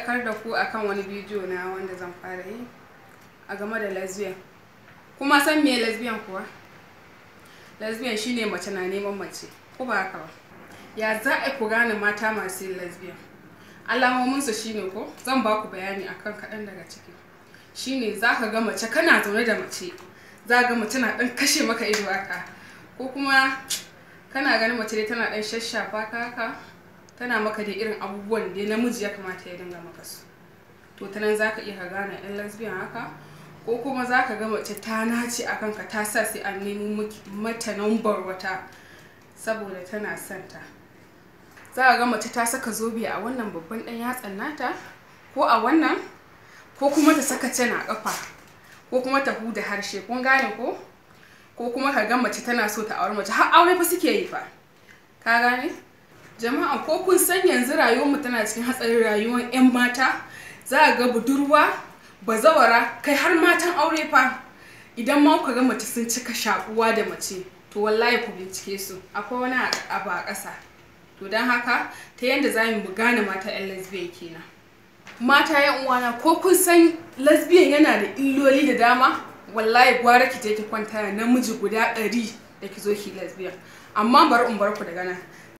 faɗakar da ku akan wani bidiyo na wanda zan fara yi a game da lesbian kuma san me lesbian kuwa lesbian shine mace na neman mace ko ba haka ba ya za a ku gane mata masu yin alamomin su shine ko zan ba ku bayani akan kaɗan daga ciki shine za ka ga mace kana zaune da mace za ga mace na ɗan kashe maka ido haka ko kuma kana ganin mace dai tana ɗan shashafa ka haka tana maka da irin abubuwan da namiji ya kamata ya dinga maka su to ta nan zaka iya ka gane yan lesbian haka ko kuma zaka ga mace ta nace a kanka ta sa sai an nemi mata nambar wata saboda tana santa za ka ga mace ta saka zobe a wannan babban dan yatsan nata ko a wannan ko kuma ta saka cana a kafa ko kuma ta huda harshe kun gane ko ko kuma ka ga mace tana so ta aure mace har aure fa suke yi fa ka gane jama'a ko kun san yanzu rayuwar mu tana cikin hatsarin rayuwar 'yan mata za a ga budurwa bazawara kai har matan aure fa idan ma ku ga mace sun cika shakuwa da mace to wallahi ku bincike su akwai wani abu a ƙasa to don haka ta yadda za mu gane mata 'yan lesbian kenan mata 'yan uwana ko kun san lesbian yana da illoli da dama wallahi gwara ki je ki kwanta namiji guda ɗari da ki zo ki lesbian amma bari in bar ku daga nan